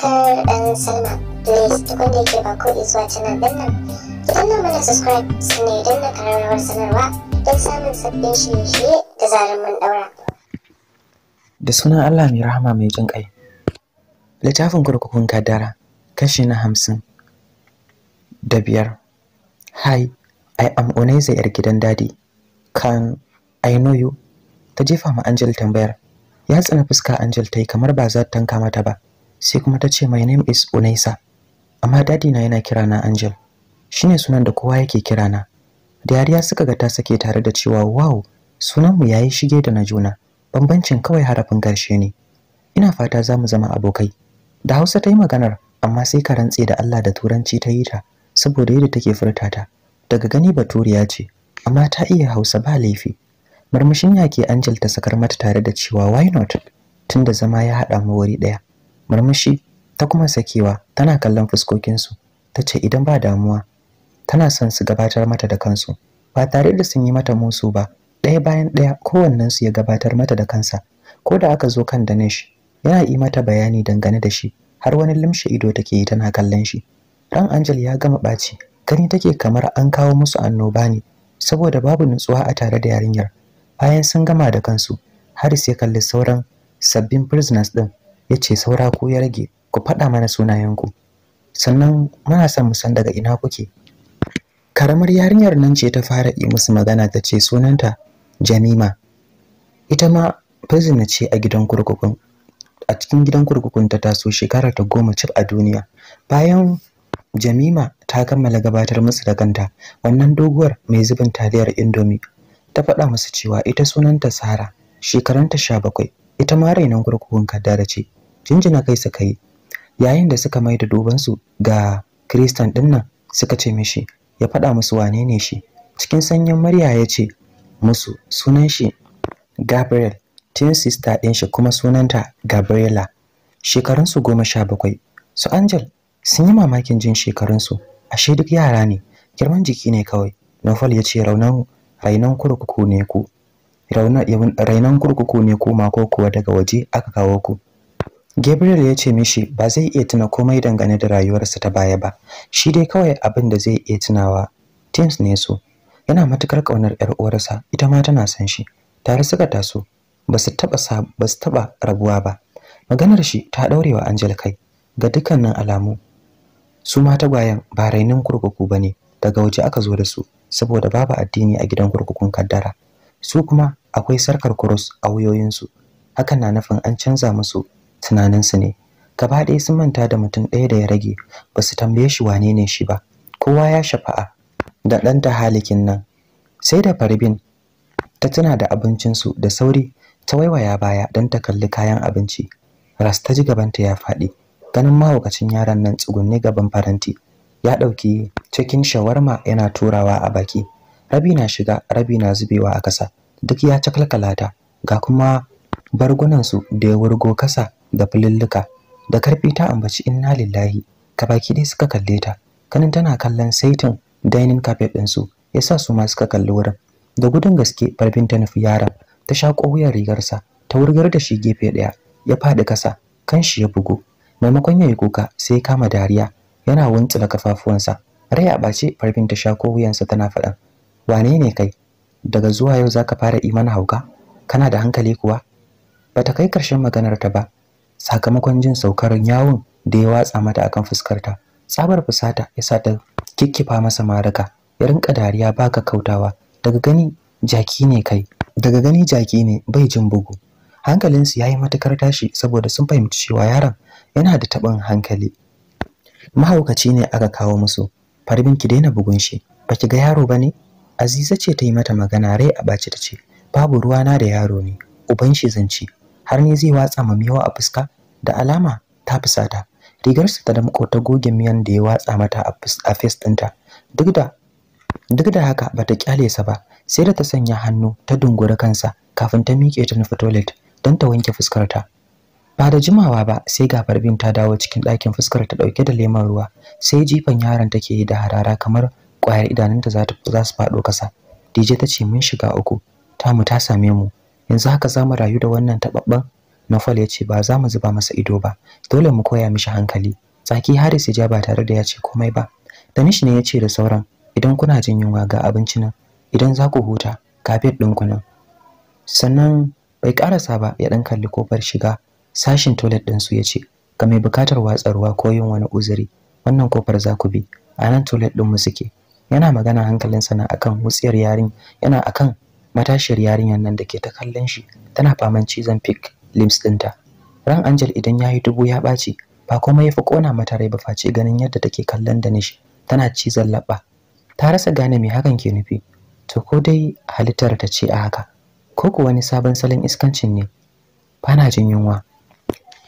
subscribe and sign up. Please da subscribe sanarwa don samun sabbin shirye-shirye da zarar daura. Da sunan Allah mai rahama mai jin ƙai. Littafin kurkukun kaddara kashi na hamsin da biyar. Hi, I am Oneza yar gidan dadi. Can I know you? Ta jefa ma Angel tambayar. Ya tsana fuska Angel ta yi kamar ba za ta tanka mata ba. sai kuma ta ce my name is Unaisa amma dadi na yana kira na Angel shine sunan da kowa yake kira na dariya suka ga ta sake tare da cewa wow sunan mu yayi shige da na juna bambancin kawai harafin karshe ne ina fata za mu zama abokai da Hausa ta yi maganar amma sai ka rantse da Allah da turanci ta yi ta saboda yadda take furta ta daga gani baturiya ce amma ta iya Hausa ba laifi murmushin yake Angel ta sakar mata tare da cewa why not tunda zama ya haɗa mu wuri daya murmushi ta kuma sakewa tana kallon fuskokinsu ta ce idan ba damuwa tana son su gabatar mata da kansu ba tare da sun yi mata musu ba ɗaya bayan ɗaya kowannensu ya gabatar mata da kansa ko da aka zo kan danish yana yi mata bayani dangane da shi har wani limshe ido take yi tana kallon shi ran angel ya gama ɓaci gani take kamar an kawo musu annoba ne saboda babu nutsuwa a tare da yarinyar bayan sun gama da kansu haris ya kalli sauran sabbin prisoners ɗin ya ce saura ko ya rage ku faɗa mana sunayenku sannan muna son mu san daga ina kuke karamar yarinyar nan ce ta fara yi musu magana ta ce sunanta jamima ita ma prisoner ce a gidan kurkukun a cikin gidan kurkukun ta taso shekara ta goma cif a duniya bayan jamima ta kammala gabatar musu da kanta wannan doguwar mai zubin taliyar indomi, ta faɗa musu cewa ita sunanta sara shekarunta sha bakwai ita ma rainon kurkukun kaddara ce jinjina kai suka yi yayin da suka maida dubansu ga kristan dinnan, suka ce mishi ya faɗa musu wane ne shi cikin sanyin murya ya ce musu sunan shi gabriel tin sister ɗin shi kuma sunanta gabriela shekarunsu goma sha bakwai su angel sun yi mamakin jin shekarunsu ashe duk yara ne girman jiki ne kawai nofal ya ce raunan rainon kurkuku ne ku rainan kurkuku ne ku mako kuwa daga waje aka kawo ku Gabriel ya ce mishi ba zai iya tuna komai dangane da rayuwarsa ta baya ba, shi dai kawai abin da zai iya tunawa Tims ne so. Yana matukar ƙaunar 'yar uwarsa, ita ma tana son shi. Tare suka taso, ba su taɓa rabuwa ba. Maganar shi ta ɗaurewa Angel kai, ga dukkanin alamu. Su ma tagwayen ba rainin kurkuku ba ne, daga waje aka zo da su, saboda babu addini a gidan kurkukun kaddara. Su kuma akwai sarkar kuros a wuyoyinsu, hakan na nufin an canza musu tunaninsu ne gaba ɗaya sun manta da mutum ɗaya da ya rage ba su tambaye shi wane ne shi ba kowa ya shafa'a da ɗan ta halikin nan sai da farbin ta tuna da abincinsu da sauri ta waiwaya baya don ta kalli kayan abinci ras ta ji gabanta ya faɗi ganin mahaukacin yaron nan tsugunne gaban faranti ya ɗauki cikin shawarma yana turawa a baki rabi na shiga rabi na zubewa a ƙasa duk ya cakalkalata ga kuma bargunansu da ya wurgo kasa da fulilluka da karfi ta ambaci inna lillahi ka baki dai suka kalle ta kanin tana kallon saitin dining carpet din su yasa su ma suka kalli wurin da gudun gaske barbin ta nufi yaran ta shako wuyan rigarsa ta wurgar da shi gefe daya ya fadi kasa kanshi ya bugu maimakon yayi kuka sai ya kama dariya yana wuntsula kafafuwansa rai a bace farfin ta shako wuyansa tana faɗan wane ne kai daga zuwa yau zaka fara iman hauka kana da hankali kuwa bata kai karshen maganar ta ba sakamakon jin saukar yawon da ya watsa mata akan fuskarta tsabar fusata ya sa ta kikkifa masa maraka ya rinka dariya baka kautawa daga gani jaki ne kai daga gani jaki ne bai jin bugu hankalinsu ya yi matukar tashi saboda sun fahimci cewa yaron yana da taɓin hankali mahaukaci ne aka kawo musu farbin ki daina bugun shi baki ga yaro ba ne? aziza ce ta yi mata magana rai a baci ta ce babu na da yaro ne uban shi zanci har ne zai watsa ma miyawa a fuska da alama ta fusata rigarsa ta damƙo ta goge miyan da ya watsa mata a fes ɗinta duk da duk da haka bata kyale sa ba sai da ta sanya hannu ta dungura kansa kafin ta miƙe ta nufi toilet don ta wanke fuskar ta. ba da jimawa ba sai ga farbin ta dawo cikin ɗakin fuskar ta ɗauke da lemon ruwa sai jifan yaron take yi da harara kamar ƙwayar idanunta za su faɗo ƙasa Dije ta ce mun shiga uku tamu ta same mu yanzu haka za mu rayu da wannan taɓaɓɓen Nofal ya ce ba za mu zuba masa ido ba, dole mu koya mishi hankali. Tsaki Haris ya ja ba tare da ya ce komai ba. Danish ne ya ce da sauran, idan kuna jin yunwa ga abinci nan, idan za ku huta, ga bed ku nan. Sannan bai karasa ba ya ɗan kalli kofar shiga sashin toilet su, ya ce, ga mai bukatar watsarwa ko yin wani uzuri, wannan kofar za ku bi, a nan toilet mu suke. Yana magana hankalinsa na akan wutsiyar yarin, yana akan matashiyar yarinyar nan da ke ta kallon shi tana faman cizon fik limbs ɗinta ran angel idan ya yi dubu ya ɓaci ba komai ya fi ƙona mata rai ba face ganin yadda take kallon danish tana cizon laɓa ta rasa gane me hakan ke nufi to ko dai halittar ta ce a haka ko kuwa wani sabon salon iskancin ne bana jin yunwa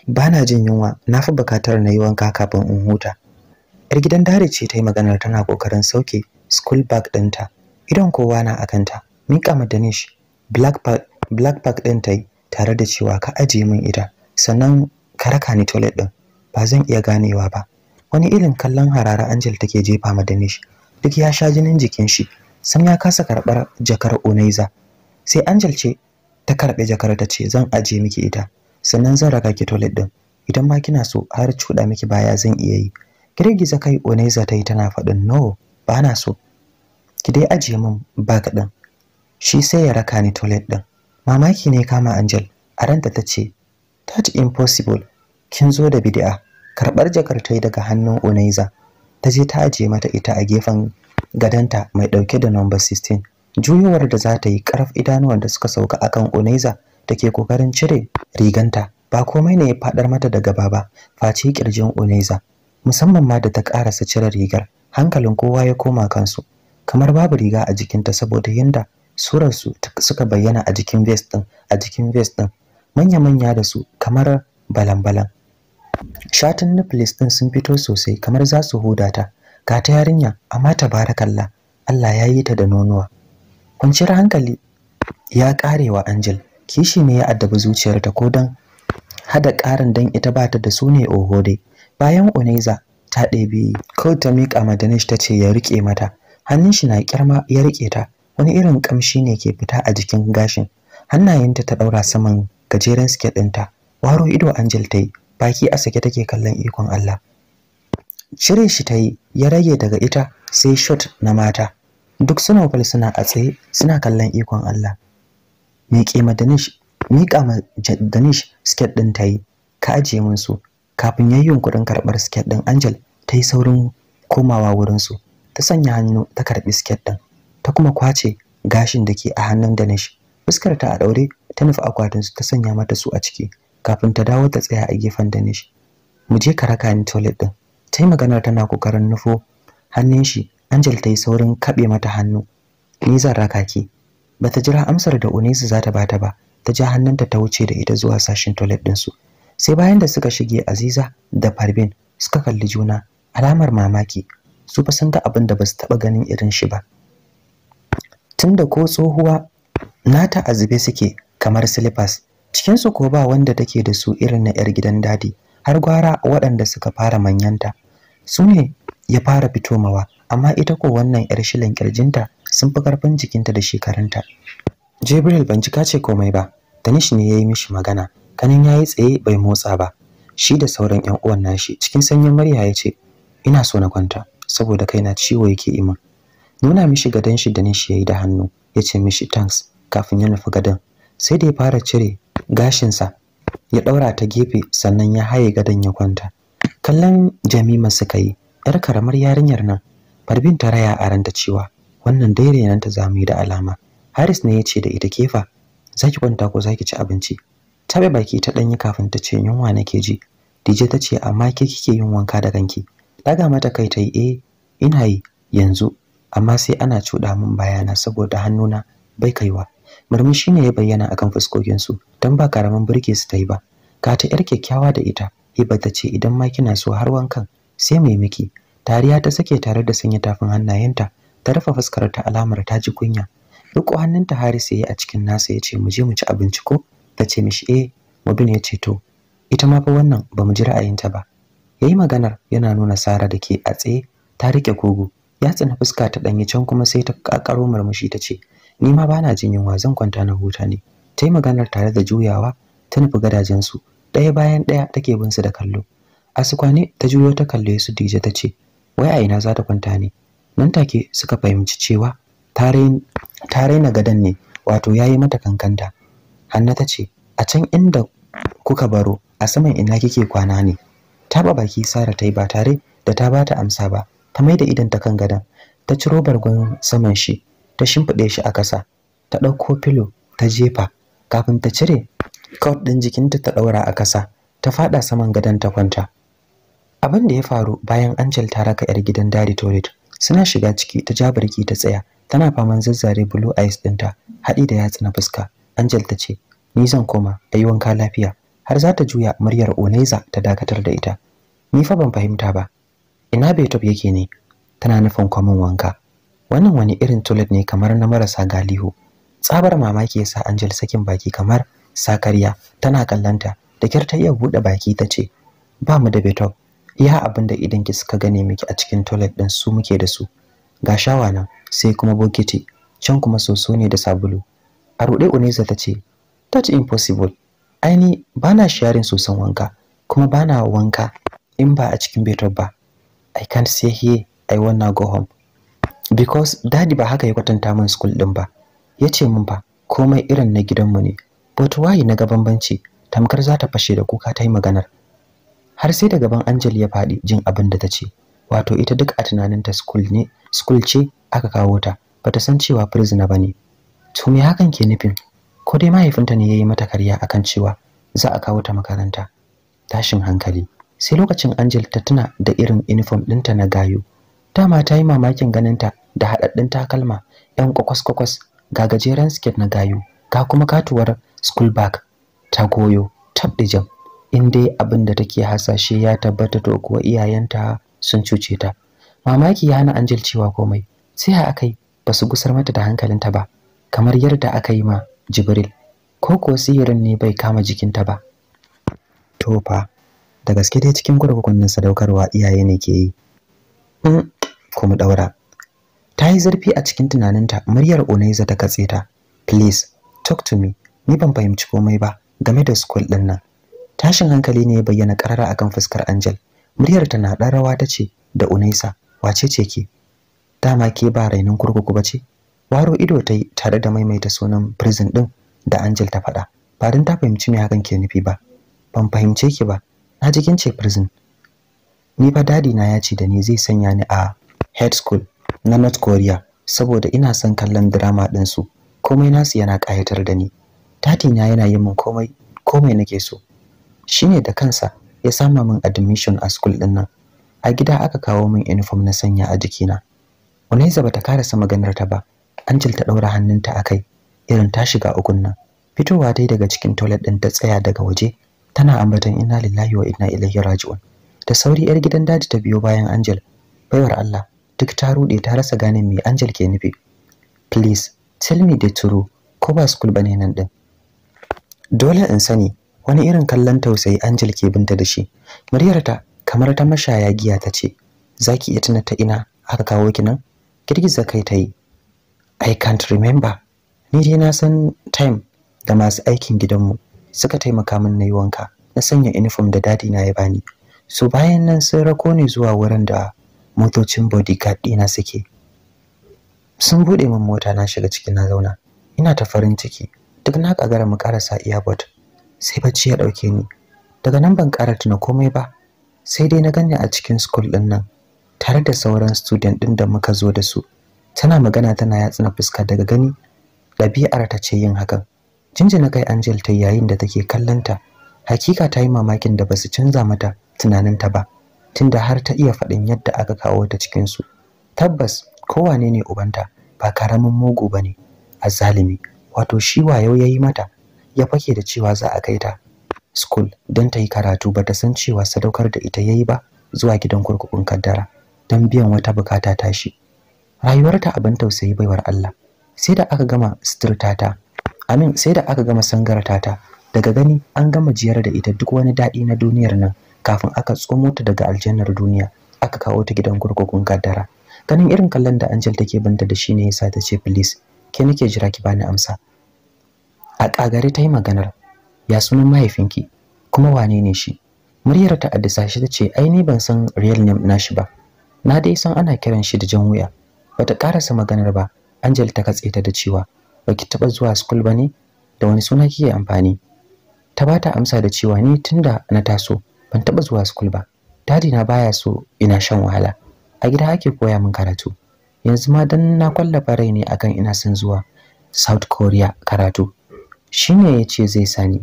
bana jin yunwa na fi bukatar na yi wanka kafin in huta yar gidan dare ce ta yi maganar tana kokarin sauke school bag ɗinta idan kowa na akanta mika ma danish black bag ɗin ta yi tare da cewa ka aje min ita sannan ka raka ni toilet din ba zan iya ganewa ba wani irin kallon harara Angel take jefa ma Danish duk ya sha jinin jikin shi sam ya kasa karbar jakar Onaiza sai Angel ce ta karbe jakar ta ce zan aje miki ita sannan zan raka ki toilet din idan ma kina so har cuda miki baya zan iya yi girgiza kai Onaiza ta yi tana faɗin no ba na so ki dai aje min ba kaɗan shi sai ya raka ni toilet din mamaki ne kama Angel a ranta ta ce that impossible kin zo da bid'a Karɓar jakar ta daga hannun Unaiza ta je ta ajiye mata ita a gefen gadanta mai ɗauke da number 16 juyowar da za ta yi karaf idanuwan da suka sauka akan da ke kokarin cire riganta ba komai ne ya fadar mata daga baba face ƙirjin Unaiza musamman ma da ta karasa cire rigar hankalin kowa ya koma kansu kamar babu riga a jikinta saboda yinda su suka bayyana a jikin vest din a jikin vest din manya-manya da su kamar balan-balan shatin nuflis din sun fito sosai kamar za su huda ta ga ta yarinya amma tabarakallah Allah ya yi ta da nonuwa kwanciyar hankali ya karewa angel kishi ne ya addabi zuciyarta ko dan hada karin dan ita bata da su ne oho bayan oneza ta ɗebi ko ta miƙa ma ta ce ya riƙe mata hannun shi na kirma ya riƙe ta wani irin kamshi ne ke fita a jikin gashin hannayenta ta daura saman gajeren siket ɗinta waro ido angel ta yi baki a sake take kallon ikon Allah cire shi ta yi ya rage daga ita sai shot na mata duk sinopal suna a tsaye suna kallon ikon Allah miƙe madanish miƙa madanish siket ɗin ta yi ka ajiye min su kafin yayyun kuɗin karɓar siket ɗin angel ta yi saurin komawa wurinsu ta sanya hannu ta karɓi siket ɗin ta kuma kwace gashin da ke a hannun Danish. Fuskar ta a daure ta nufi akwatin su ta sanya mata su a ciki kafin ta dawo ta tsaya a gefen Danish. Mu je ka raka ni toilet din. Ta yi magana tana kokarin nufo hannun shi. Angel ta yi saurin kaɓe mata hannu. Ni zan raka ki. Ba ta jira amsar da Unesi za ta bata ba. Ta ja hannunta ta wuce da ita zuwa sashin toilet din su. Sai bayan da suka shige Aziza da Parvin suka kalli juna alamar mamaki. Su fa sun ga abin da basu taɓa ganin irin shi ba. tunda ko tsohuwa nata a zube suke kamar silifas cikinsu ko ba wanda take da su irin na 'yar gidan dadi har gwara waɗanda suka fara manyanta su ne ya fara fitomawa amma ita ko wannan 'yar shilin kirjinta sun fi karfin jikinta da shekarunta jibril ban cika ce komai ba tanish ne ya yi mishi magana kanin ya yi tsaye bai motsa ba shi da sauran 'yan uwan nashi cikin sanyin murya ya ce ina so na kwanta saboda kaina ciwo yake iman nuna mishi gadon shi da shi yayi da hannu ya ce mishi thanks kafin ya nufi gadon sai da ya fara cire gashinsa ya ɗaura ta gefe sannan ya haye gadon ya kwanta kallon jamima suka yi yar karamar yarinyar nan farbin ta raya a ranta cewa wannan nan ta zamu yi da alama haris ne ya ce da ita kefa zaki kwanta ko zaki ci abinci Ta bai baki ta danyi kafin ta ce yunwa nake ji DJ ta ce amma ke kike yin wanka da kanki daga mata kai ta yi. eh ina yi yanzu amma sai ana cuɗa min bayana saboda hannuna bai kaiwa murmushi ne ya bayyana akan fuskokinsu don ba karamin burge su ta yi ba ka ta yar kyakkyawa da ita hiba ta ce idan ma kina so har wankan sai mai miki tariya ta sake tare da sanya tafin hannayenta ta rufe fuskar ta alamar ta ji kunya riko hannunta Haris yayi a cikin nasa ya ce mu je mu ci abinci ko ta ce mishi eh mabin ya ce to ita ma fa wannan ba mu ji ra'ayinta ba yayi maganar yana nuna Sara da ke a tsaye ta rike kogo ya tsina fuska ta danye can kuma sai ta kakaro murmushi ta ce ni ma bana jin yunwa zan kwanta na huta ne ta maganar tare da juyawa ta nufi gadajensu ɗaya bayan ɗaya take bin su da kallo a kwane ta juyo ta kalle su dije ta ce wai a ina za ta kwanta ne nan take suka fahimci cewa ta raina gadon ne wato ya yi mata kankanta hanna ta ce a can inda kuka baro a saman ina kike kwana ne Ta ba baki sara ta yi ba tare da ta ba ta amsa ba ta maida idan ta kan gadon ta ciro bargon saman shi ta shimfiɗe shi a ƙasa ta ɗauko filo ta jefa kafin ta cire kaut ɗin jikinta ta ɗaura a ƙasa ta faɗa saman gadon ta kwanta abin da ya faru bayan Angel ta raka 'yar gidan dari Toilet suna shiga ciki ta ja birki ta tsaya tana faman zazzare blue eyes ɗinta haɗi da yatsa na fuska Angel ta ce ni zan koma ayi wanka lafiya har za ta juya muryar Oneza ta dakatar da ita ni fa ban fahimta ba ina betop yake ne tana nufin kwamin wanka wannan wani irin toilet ne kamar na marasa galihu tsabar mamaki yasa Angel sakin baki kamar sakarya tana kallanta da kyar ta iya bude baki ta ce ba mu da betop iya abin da idan ki suka gane miki a cikin toilet din su muke da su ga shawa nan sai kuma bokiti can kuma soso ne da sabulu a rude Uneza ta ce that impossible aini bana sharing soson wanka kuma bana wanka in ba a cikin betop ba I can't stay here. I wanna go home. Because daddy ba haka ya kwatanta min school din ba. Ya ce min ba komai irin na gidanmu ne. But why na ga bambanci? Tamkar za ta fashe da kuka ta yi maganar. Har sai da gaban Angel ya faɗi jin abin da ta ce. Wato ita duk a tunaninta school ne, school ce aka kawo ta. Bata san cewa prisoner bane. To me hakan ke nufin? Ko dai mahaifinta ne ya yi mata karya akan cewa za a kawo ta makaranta. Tashin hankali. sai lokacin Angel ta tuna da irin uniform ɗinta na gayu. Ta ma ta yi mamakin ganinta da haɗaɗɗin takalma 'yan kwakwas-kwakwas ga gajeren siket na gayu. ga kuma katuwar school bag ta goyo tab da jam in dai abin da take hasashe ya tabbata to kuwa iyayenta sun cuce ta mamaki ya hana Angel cewa komai sai a yi ba su gusar mata da hankalinta ba kamar yadda aka yi ma Jibril ko ko sihirin ne bai kama jikinta ba to fa da gaske dai cikin kurkukun sadaukarwa iyaye ne ke yi mm, kuma daura ta yi zarfi a cikin tunaninta muryar onaiza ta katse ta please talk to me ni ban fahimci komai ba game da school din nan tashin hankali ne ya bayyana karara akan fuskar angel muryar ta na dan rawa ta ce da unaisa wace ce ke dama ke ba rainin kurkuku bace waro ido ta yi tare da maimaita sunan prison din da angel ta faɗa ba don ta fahimci me hakan ke nufi ba ban fahimce ki ba na ji kin ce prison ni fa dadi na ya ce da ni zai sanya ni a head school na North Korea saboda ina son kallon drama din su komai nasu yana kayatar da ni dadi na yana yin min komai komai nake so shine da kansa ya sama min admission a school din nan a gida aka kawo min uniform na sanya a jikina Unaiza bata karasa maganar ta ba Angel ta daura hannunta akai irin ta shiga ukun nan fitowa dai daga cikin toilet ɗin ta tsaya daga waje tana ambaton inna lillahi wa inna ilaihi raji'un da sauri yar gidan daji ta biyo bayan Angel baiwar Allah duk ta rude ta rasa gane me Angel ke nufi please tell me the truth ko ba school bane nan din dole in sani wani irin kallon tausayi Angel ke binta da shi muryarta kamar ta mashaya giya ta ce zaki iya tuna ta ina aka kawo ki nan girgiza kai ta yi i can't remember ni dai na san time da masu aikin gidanmu suka taimaka min na yi wanka na sanya uniform da dadi na ya bani so bayan nan sun rako ni zuwa wurin da motocin bodyguard ɗina suke sun buɗe min mota na shiga ciki na zauna ina ta farin ciki duk na kagara mu karasa earbud sai bacci ya ɗauke ni daga nan ban ƙara tuna komai ba sai dai na ganni a cikin school ɗin nan tare da sauran student ɗin da muka zo da su tana magana tana yatsuna fuska daga gani ɗabi'ar ta ce yin hakan jinjina kai Angel ta yayin da take kallanta hakika ta yi mamakin da basu canza mata tunaninta ba tunda har ta iya faɗin yadda aka kawo ta cikin su tabbas kowane ne ubanta ba karamin mugu bane azzalimi wato shi wayo yayi mata ya fake da cewa za a kai ta school don ta yi karatu ba ta san cewa sadaukar da ita yayi ba zuwa gidan kurkukun kaddara don biyan wata bukata tashi rayuwarta abin tausayi baiwar Allah sai da aka gama suturta ta amin sai da aka gama sangarata ta daga gani an gama jiyar da ita duk wani daɗi na duniyar nan kafin aka tsomo ta daga aljannar duniya aka kawo ta gidan kurkukun kaddara ganin irin kallon da Angel take banta da shine yasa ta ce please ke nake jira ki bani amsa a kagare ta yi maganar ya sunan mahaifinki kuma wane ne shi muryar ta addisa shi tace ai ni ban san real name nashi ba na dai san ana kiran shi da jan wuya bata karasa maganar ba Angel ta katse ta da cewa baki taba zuwa school ba ne da wani suna kike amfani ta bata amsa da cewa ni tunda na taso ban taba zuwa school ba dadi na baya so ina shan wahala a gida ake koya min karatu yanzu ma dan na kwallafa rai ne akan ina son zuwa South Korea karatu shine yace zai sani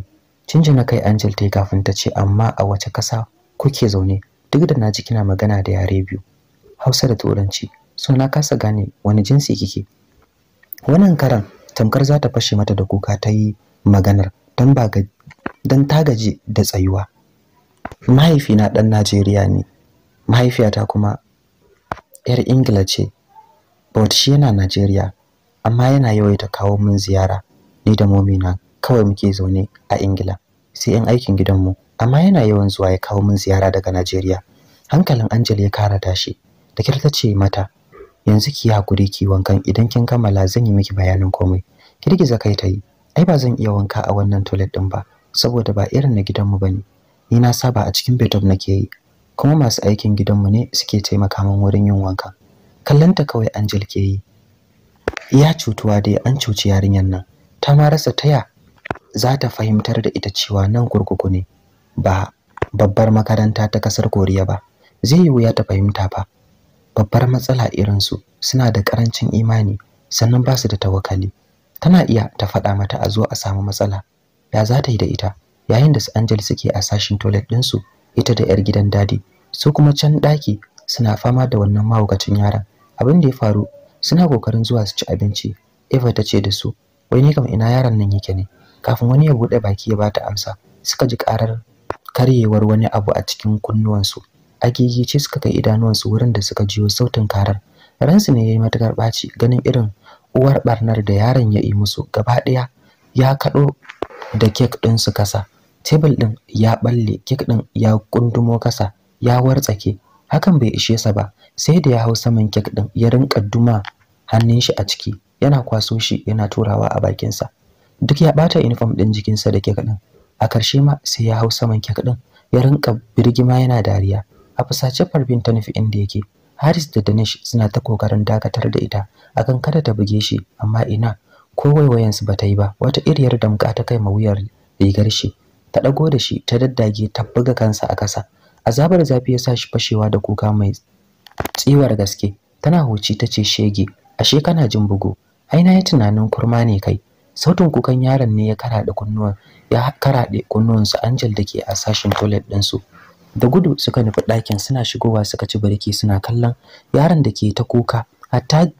na kai Angel tai kafin ta ce amma a wace kasa kuke zaune duk da na ji kina magana da yare biyu Hausa da Turanci so na kasa gane wani jinsi kike wannan karan tamkar za ta fashe mata da kuka ta yi maganar don ta gaji da tsayuwa mahaifina ɗan najeriya ne mahaifiyata kuma 'yar ingila ce bot shi yana najeriya amma yana yawaita kawo min ziyara ni da momina kawai muke zaune a ingila sai 'yan aikin gidanmu amma yana yawan zuwa ya kawo min ziyara daga najeriya hankalin angel ya kara tashi da ta ce mata yanzu ki hakuri ki wankan idan kin kammala zan yi miki bayanin komai girgiza kai ta yi ai ba zan iya wanka a wannan toilet din ba saboda ba irin na gidanmu bane ni na saba a cikin bedroom nake yi kuma masu aikin gidanmu ne suke taimaka min wurin yin wanka kallanta kawai Angel ke yi iya cutuwa dai an cuci yarinyar nan ta ma rasa taya za ta fahimtar da ita cewa nan kurkuku ne ba babbar makaranta ta kasar Koriya ba zai yi wuya ta fahimta ba babbar matsala irin su suna da karancin imani sannan ba su da tawakali. tana iya ta faɗa mata a zo a samu matsala ya za ta yi da ita yayin da su Angel suke a sashin toilet su ita da 'yar gidan dadi su kuma can ɗaki suna fama da wannan mahaukacin yaran abin da ya faru suna kokarin zuwa su ci abinci Eva ta ce da su wai ni kam ina yaran nan yake ne kafin wani ya buɗe baki ya bata amsa suka ji karar karyewar wani abu a cikin kunnuwansu a suka kai idanuwansu wurin da suka jiyo sautin karar ransu ne ya yi matukar ɓaci ganin irin uwar barnar da yaron ya yi musu gaba ɗaya ya kaɗo da kek ɗin su kasa tebul ɗin ya ɓalle kek ɗin ya kundumo kasa ya wartsake hakan bai ishe sa ba sai da ya hau saman kek ɗin ya rinka duma hannun shi a ciki yana kwaso shi yana turawa a bakinsa duk ya ɓata uniform ɗin jikinsa da kek ɗin a ƙarshe ma sai ya hau saman kek ɗin ya rinka birgima yana dariya a fusace farbin ta nufi inda yake Haris da Danish suna ta kokarin dakatar da ita akan kada ta buge shi amma ina ko ba bata yi ba wata iriyar damka ta kai ma wuyar rigar shi ta dago da shi ta daddage ta buga kansa a kasa azabar zafi ya sa shi fashewa da kuka mai tsiwar gaske tana huci ta ce shege ashe kana jin bugu ai na yi tunanin kurma ne kai sautin kukan yaron ne ya karaɗe kunnuwan ya karaɗe kunnuwansu Angel da ke a sashin toilet su. da gudu suka nufi ɗakin suna shigowa suka ci barki suna kallon yaron da ke ta kuka hatta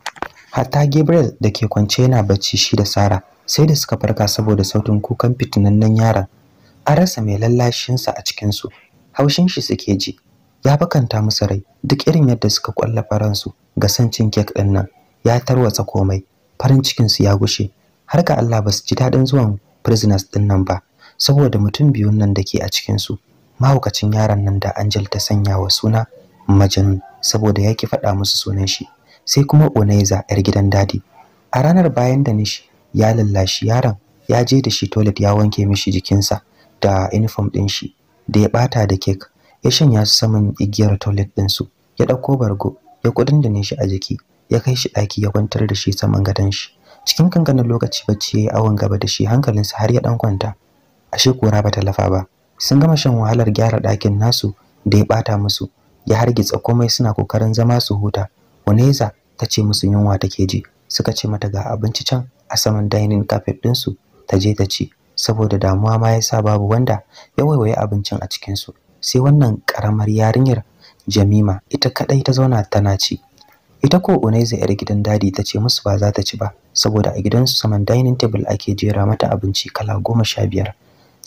hatta Gabriel da ke kwance yana bacci shi da Sara sai da suka farka saboda sautin kukan fitinannen yaron an rasa mai lallashinsa a cikinsu haushin shi suke ji ya bakanta musu rai duk irin yadda suka kwallafa ransu ga san cin kek ɗin nan ya tarwatsa komai farin cikinsu ya gushe har ga Allah ba su ji daɗin zuwan prisoners ɗin nan ba saboda mutum biyun nan da ke a cikinsu mahaukacin yaron nan da Angel ta sanya wa suna Majnun saboda yaki faɗa musu sunan shi sai kuma Oneza yar gidan dadi a ranar bayan da nishi ya lallashi yaron ya je da shi toilet ya wanke mishi jikinsa da uniform ɗin shi da ya bata da cake ya shanya su saman igiyar toilet din su ya ɗauko bargo ya kudin da nishi a jiki ya kai shi daki ya kwantar da shi saman gadon shi cikin kankanin lokaci bacci yi awon gaba da shi hankalinsa har ya ɗan kwanta ashe kora bata lafa ba sun gama shan wahalar gyara ɗakin nasu da ya ɓata musu ya hargitsa komai suna kokarin zama su huta oneza ta ce musu yunwa take ji suka ce mata ga abinci can a saman dainin kafet ɗinsu ta je ta ci saboda damuwa ma ya sa babu wanda ya waiwaye abincin a cikinsu sai wannan karamar yarinyar jamima ita kaɗai ta zauna tana ci ita ko Uneza yar gidan dadi ta ce musu ba za ta ci ba saboda a gidansu saman dining table ake jera mata abinci kala goma sha biyar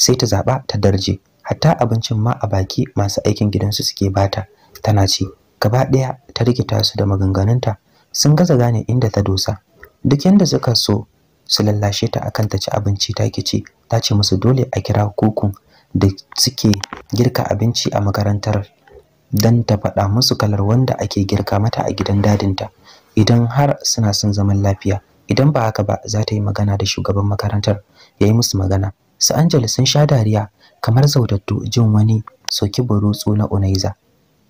sai ta zaba, ta darje hatta abincin ma a baki masu aikin gidansu suke bata tana ce gaba ɗaya ta rikita su da maganganunta sun gaza gane inda ta dosa duk yanda suka so su lallashe ta akan ta ci abinci ta kici ta ce musu dole a kira kukun da suke girka abinci a makarantar dan ta faɗa musu kalar wanda ake girka mata a gidan dadinta idan har suna son zaman lafiya idan ba haka ba za ta yi magana da shugaban makarantar ya yi musu magana su Angel sun sha dariya kamar zaudattu jin wani soki burutsu na Unaiza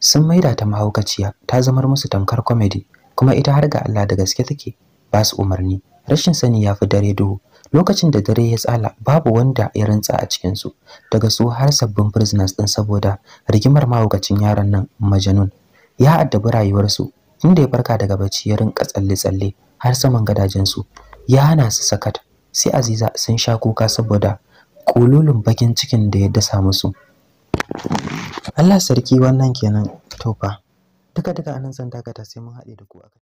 sun maida ta mahaukaciya ta zamar musu tamkar comedy kuma ita har ga Allah da gaske take ba su umarni rashin sani ya fi dare duhu lokacin da dare ya tsala babu wanda ya rantsa a cikinsu daga su har sabbin prisoners din saboda rigimar mahaukacin yaran nan majanun ya addabi rayuwarsu inda ya farka daga bacci ya rinka tsalle-tsalle har saman gadajensu ya hana su sakat sai aziza sun sha kuka saboda kululun bakin cikin da ya dasa musu Allah sarki wannan kenan to fa duka duka anan zan dakata sai mun haɗe da ku